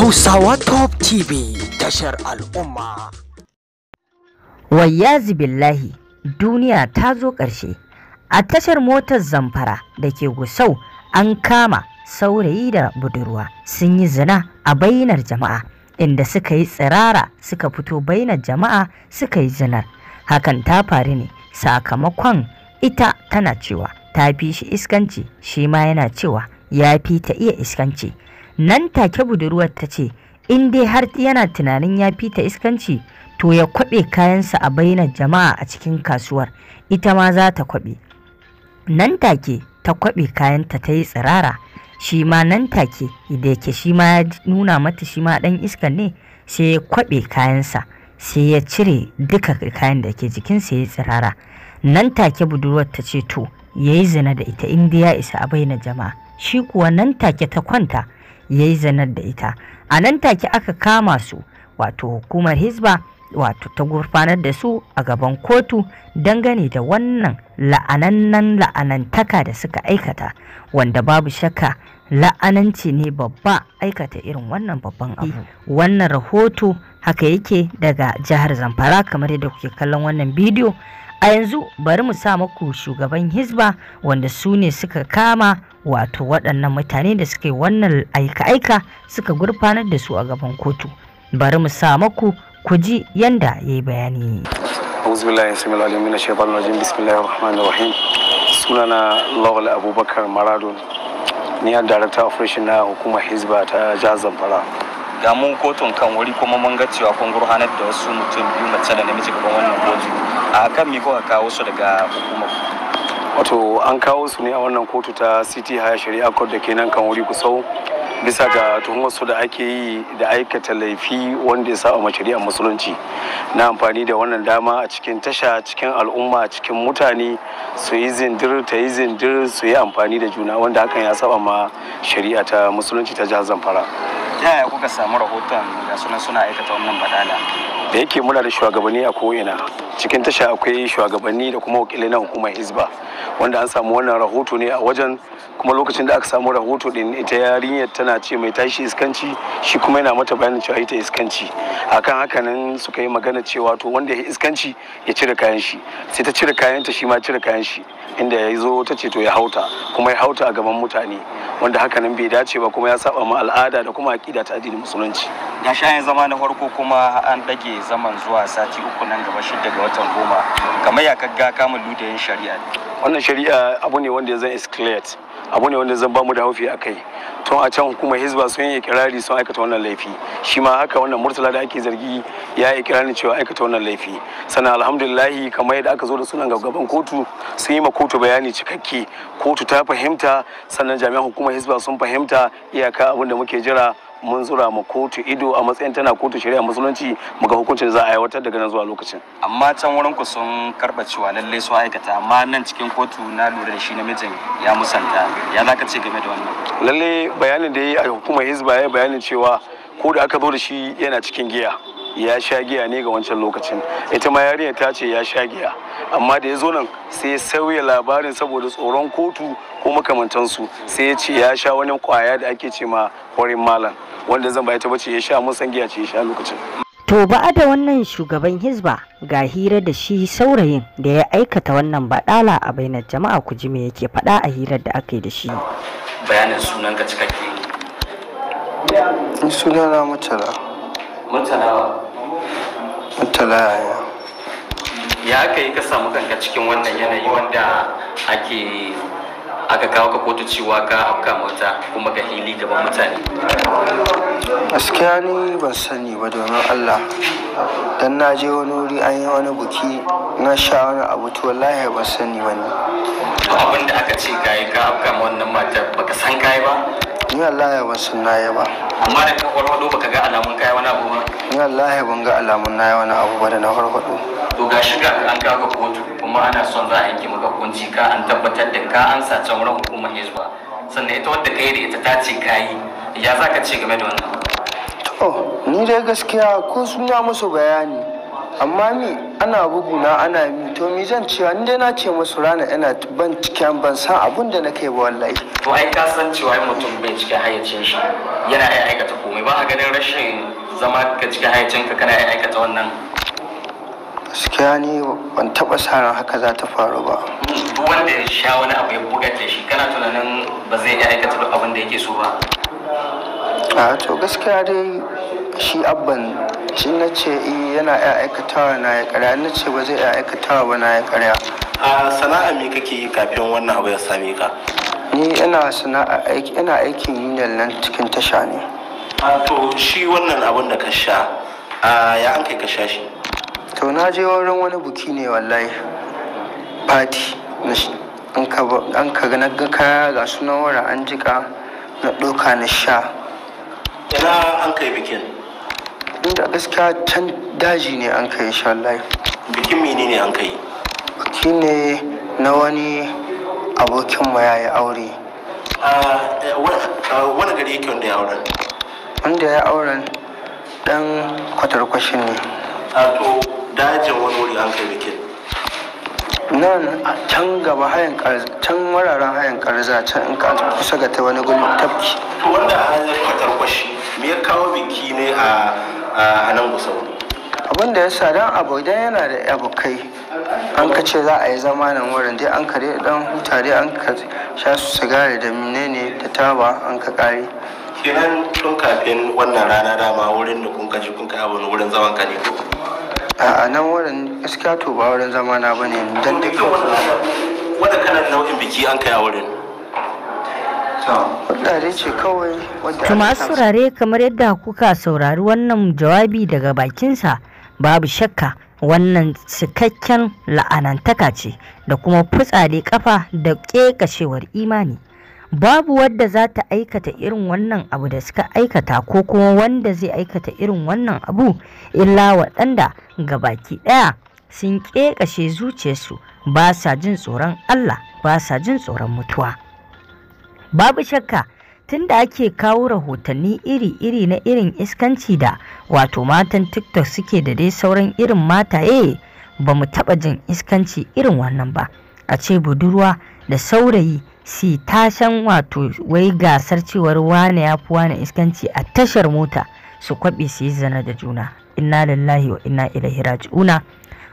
Hausawa Top TV tashar al'umma. Wayyazi billahi duniya ta zo ƙarshe. A tashar motar zamfara da ke gusau an kama saurayi da budurwa sun yi zina a bainar jama'a inda suka yi tsirara suka fito bainar jama'a suka yi zinar. Hakan ta faru ne sakamakon ita tana cewa ta fi shi iskanci shi ma yana cewa ya fi ta iya iskanci. nan take budurwar ta ce in dai har yana tunanin ya ta iskanci to ya kwaɓe kayansa a bainar jama'a a cikin kasuwar ita ma za ta kwaɓe nan take ta kwaɓe kayanta ta yi tsirara shi ma nan take da yake shi ma ya nuna mata shi ma ɗan iskan ne sai ya kwaɓe kayansa sai ya cire duka kayan da ke jikinsa ya tsirara nan take budurwar ta ce to yayi zina da ita in ya isa a bainar jama'a shi kuwa nan take ta kwanta ya yi zanar da ita a nan take aka kama su wato hukumar hisba wato ta gurfanar da su a gaban kotu dangane da wannan la'anannan la'anantaka da suka aikata wanda babu shakka la'ananci ne babba aikata irin wannan babban abu eh. wannan rahoto haka yake daga jihar zamfara kamar yadda kuke kallon wannan bidiyo a yanzu bari mu sa muku shugaban hisba wanda su ne suka kama wato waɗannan mutane da suke wannan aika-aika suka gurfanar da su a gaban kotu bari mu sa maku ku ji yanda ya yi bayani sunana lawal abubakar maradon ni a director operation na hukumar hizba ta jihar zamfara ga mun kotun kan wuri kuma mun ga cewa kun gurhanar da wasu mutum biyu mace da namiji gaban wannan kotu a kan mi kuka kawo su daga hukumar wato an kawo su ne a wannan kotu ta city haya shari'a court da ke nan kan wuri kusau bisa ga tuhumarsu da ake yi da aikata laifi wanda ya sa a shari'ar musulunci na amfani da wannan dama a cikin tasha cikin al'umma cikin mutane su yi zindir ta yi zindir su yi amfani da juna wanda hakan ya saba ma shari'a ta musulunci ta jihar zamfara yaya kuka samu rahoton ga suna aikata wannan badala da yake muna da shugabanni a ko'ina cikin tasha akwai shugabanni da kuma wakilai na hukumar hizba wanda an samu wannan rahoto ne a wajen kuma lokacin da aka samu rahoto din ita yarinyar tana ce mai tashi iskanci shi kuma yana mata bayanin cewa ita iskanci akan haka nan suka yi magana cewa to wanda ya yi iskanci ya cire kayan shi sai ta cire kayan ta shi ma cire kayan shi inda ya zo ta ce to ya hauta kuma ya hauta a gaban mutane wanda haka nan bai dace ba kuma ya saba ma al'ada da kuma aƙida ta addinin musulunci ga shayin zama na farko kuma an dage zaman zuwa sati uku nan gaba shidda ga watan goma kamar ya kaga da yin shari'a wannan shari'a abu ne wanda ya zan escalate abu ne wanda zan bamu da haufi a kai tun a can kuma hizba sun yi ikirari sun aikata wannan laifi shi ma haka wannan murtala da ake zargi ya yi ikirarin cewa aikata wannan laifi sannan alhamdulillahi kamar yadda aka zo da sunan gaban kotu sun yi ma kotu bayani cikakke kotu ta fahimta sannan jami'an hukumar hizba sun fahimta iyaka abin da muke jira mun zura mu kotu ido a matsayin tana kotu shari'a musulunci muga hukuncin za a aiwatar daga nan zuwa lokacin amma can wurin ku sun karba cewa lalle su aikata amma nan cikin kotu na lura da shi namijin ya musanta ya ka ce game da wannan lalle bayanin da ya yi a hukumar hizba ya bayanin cewa ko da aka zo da shi yana cikin giya ya sha giya ne ga wancan lokacin ita ma yarinya ta ce ya sha giya amma da ya zo nan sai ya sauya labarin saboda tsoron kotu ko makamantansu sai ya ce ya sha wani kwaya da ake ce ma kwarin malam wanda zan bayar ta bace ya sha mun san giya ce ya sha lokacin to ba da wannan shugaban hizba ga hira da shi saurayin da ya aikata wannan badala a bainar jama'a ku ji me yake faɗa a hirar da aka yi da shi bayanin sunan ka cikakke sunana mutala mutala Mutalaya. ya ya ka yi ka samu kanka cikin wannan yanayi wanda ake aka kawo ka kotu cewa ka afka mota kuma ka hili gaban mutane gaskiya ni ban sani ba domin allah dan na je wani wuri an yi wani buki na sha wani abu to wallahi ban sani ba ne abin da aka ce yi ka afka wannan mata baka san kai ba ni wallahi ban san nayi ba amma da ka kwarwado baka ga wallahi ban ga alamun na yi wani abu ba da na farfaɗo to ga shi ga an kaga kotu kuma ana son za a yanke maka kunci ka an tabbatar da ka an sace wurin hukumar hizba sannan ita wadda ka yi da ita ta ce ka yi ya za ka ce game da wannan to ni dai gaskiya ko sun ya musu bayani amma mi ana buguna ana mi to mi zan cewa ni dai na ce musu rana ina ban cikin ban san abun da na kai ba wallahi to ai ka san cewa mutum bai cikin hayyacin shi yana aikata komai ba a ganin rashin zama ka cika hayacinka kana aikata wannan gaskiya ne ban taba saran haka za ta faru ba duk wanda ya sha wani abu ya buga ta shi kana tunanin ba zai iya aikata duk abin da yake so ba a to gaskiya dai shi abban shi na ce eh, yana iya aikatawa na ya karya na ce ba zai iya aikatawa ba na ya karya a sana'a me kake yi kafin wannan abu ya same ka ni ina sana'a ina aikin union nan cikin tasha ne to shi wannan abin da ka sha a ya an kai ka sha shi to na je wurin wani buki ne wallahi fati an ka na ga kaya ga sunan wara an jika na ɗauka na sha ina an kai bikin inda gaskiya can daji ne an kai sha wallahi bikin mini ne an kai buki ne na wani abokin mu yi aure eh, wani gari yake wanda ya auren wanda ya auren dan kwatarkwashin ne a ah, to dajin wani wuri an kai bikin nan a can gaba hayan can wararen hayan karza can in kusa ga ta wani gulmi tafki to wanda hayan kwatarkwashi me ya kawo biki ne a nan gusa abin da ya sa dan idan yana da abokai an ka ce za a yi zama nan wurin dai an kare dan huta dai an ka sha su sigari da menene da taba an ka kare kenan tun kafin wannan rana dama wurin da kun kaji kun kai abin wurin zaman ka ne ko a nan wurin gaskiya to ba wurin zama na bane dan duk wanda kana nau'in biki an kai a wurin To masu saurare kamar yadda kuka saurari wannan jawabi daga bakinsa babu shakka wannan cikakken la'anantaka ce da kuma futsade kafa da kekashewar imani. babu wadda za ta aikata irin wannan abu da suka aikata ko kuma wanda zai aikata irin wannan abu illa waɗanda ga baki ɗaya sun ƙeƙashe zuciyarsu ba sa jin tsoron Allah ba sa jin tsoron mutuwa babu shakka tunda ake kawo rahotanni iri-iri na irin iskanci da wato matan tiktok suke da dai sauran irin mataye ba mu taɓa jin iskanci irin wannan ba a ce budurwa da saurayi si tashan wato wai gasar cewar wane ya fi wane iskanci a tashar mota su kwaɓe su yi zana da juna inna lillahi wa inna ilaihi raji'una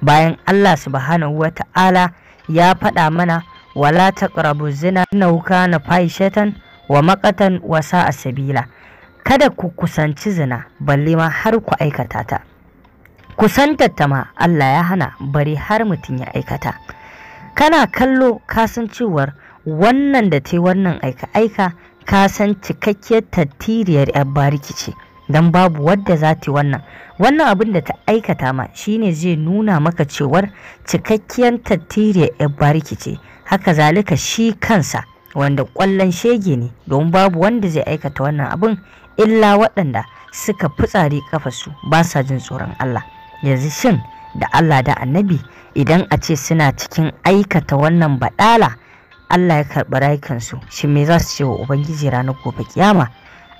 bayan Allah subhanahu wa ta'ala ya faɗa mana wala taqrabu zina na wuka na fahishatan wa maqatan wasa a sabila kada ku kusanci zina balle ma har ku aikata ta kusantatta ta ma Allah ya hana bari har mutum ya aikata kana kallo kasancewar wannan da yi wannan aika-aika ka san cikakkiyar tattiriyar 'yan bariki ce don babu wadda za ta wannan wannan abin da ta aikata ma shine zai nuna maka cewar cikakkiyar tattiriyar 'yan bariki ce haka zalika shi kansa wanda kwallon shege ne don babu wanda zai aikata wannan abin illa waɗanda suka fitsari kafasu ba sa jin tsoron Allah yanzu shin da Allah da annabi idan a ce suna cikin aikata wannan badala Allah ya karɓi rayukansu shi me za su ce wa ubangiji ranar gobe kiyama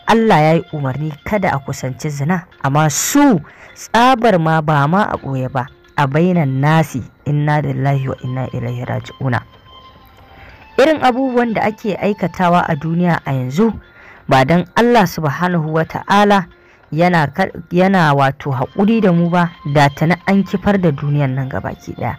Allah ya yi umarni kada a kusanci zina amma su tsabar ma ba ma a ɓoye ba a bainan nasi inna lahi wa inna ilaihi raji'una irin abubuwan da ake aikatawa a duniya a yanzu ba don Allah subhanahu wa ta'ala yana, wato haƙuri da mu ba da tana an kifar da duniyan nan gabaki ɗaya.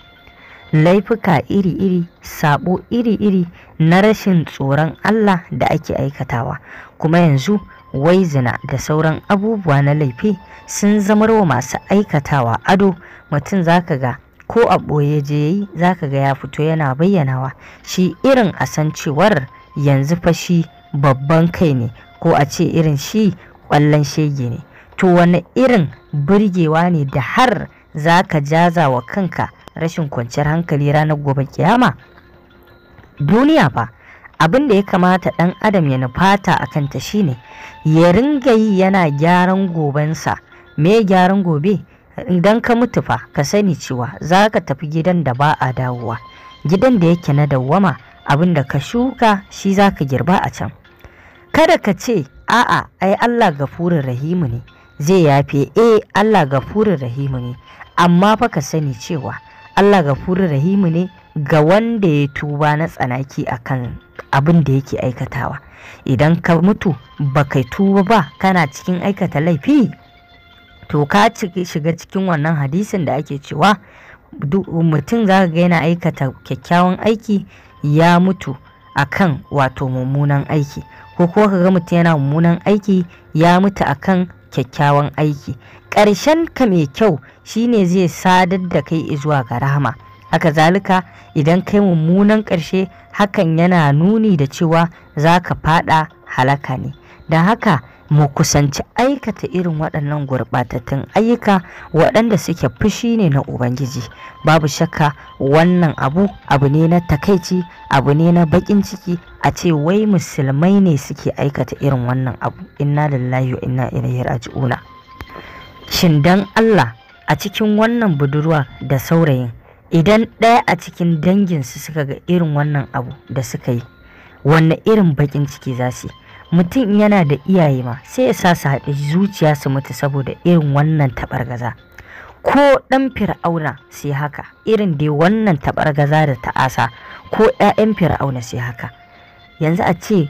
laifuka iri-iri sabo iri-iri na rashin tsoron Allah da ake aikatawa kuma yanzu wai zina da sauran abubuwa na laifi sun zamar wa masu aikatawa ado mutum zaka ga ko a ɓoye je yi zaka ga ya fito yana bayyanawa shi irin a san cewar yanzu fashi babban kai ne ko a ce irin shi ƙwallon shege ne to wani irin birgewa ne da har zaka jaza wa kanka rashin kwanciyar hankali ranar gobe kiyama duniya fa abin da ya kamata dan adam ya nufata a kanta shine ya ringa yi yana gyaran gobensa me gyaran gobe idan ka mutu fa ka sani cewa za ka tafi gidan da ba a dawowa gidan da yake na dawwama abin da ka shuka shi za ka girba a can kada ka ce a'a ai Allah gafurin rahimu ne zai yafe eh Allah gafurin rahimu ne amma fa ka sani cewa Allah ga furu rahimu ne ga wanda ya tuba na tsanaki a kan abin da yake aikatawa idan ka mutu ba kai tuba ba kana cikin aikata laifi to ka shiga cikin wannan hadisin da ake cewa mutum za ga yana aikata kyakkyawan aiki ya mutu akan wato mummunan aiki ko ka ga mutum yana mummunan aiki ya mutu akan kyakkyawan aiki ƙarshen ka mai kyau shine zai sadar da kai zuwa ga rahama haka zalika idan kai mummunan ƙarshe hakan yana nuni da cewa za ka fada halaka ne Da haka mu kusanci aikata irin waɗannan gurɓatattun ayyuka waɗanda suke fushi ne na ubangiji babu shakka wannan abu abu ne na takaici abu ne na baƙin ciki a ce wai musulmai ne suke aikata irin wannan abu inna lillahi wa inna ilaihi raji'una shin dan Allah a cikin wannan budurwa da saurayin idan ɗaya a cikin danginsu suka ga irin wannan abu da suka yi wanne irin bakin ciki za su mutum yana da iyaye ma sai ya sa su haɗe zuciya su mutu saboda irin wannan taɓargaza ko ɗan fir'auna sai haka irin dai wannan taɓargaza da ta'asa ko 'ya'yan fir'auna sai haka yanzu a ce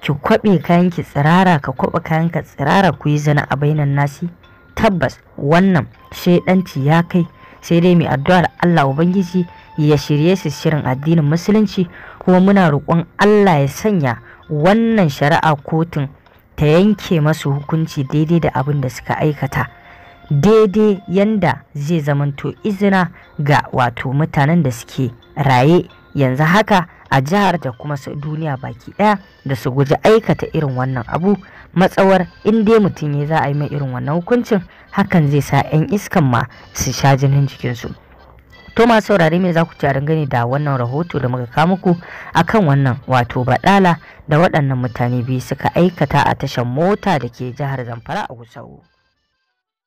ki kwaɓe kayan ki tsirara ka kwaɓa kayanka tsirara ku yi zina a bainan nasi tabbas wannan shaidanci ya kai sai dai mai addu'ar Allah Ubangiji ya shirye su shirin addinin musulunci kuma muna roƙon Allah ya sanya wannan shari'a kotun ta yanke masu hukunci daidai da abin da suka aikata daidai yanda zai zamanto izina ga wato mutanen da suke raye yanzu haka a jihar da kuma duniya baki ɗaya da su guji aikata irin wannan abu matsawar in dai mutum ya za a yi mai irin wannan hukuncin hakan zai sa 'yan iskan ma su sha jinin jikinsu to saurari saurare me za ku ci a da wannan rahoto da muka kawo muku akan wannan wato baɗala da waɗannan mutane biyu suka aikata a tashar mota da ke jihar zamfara a gusau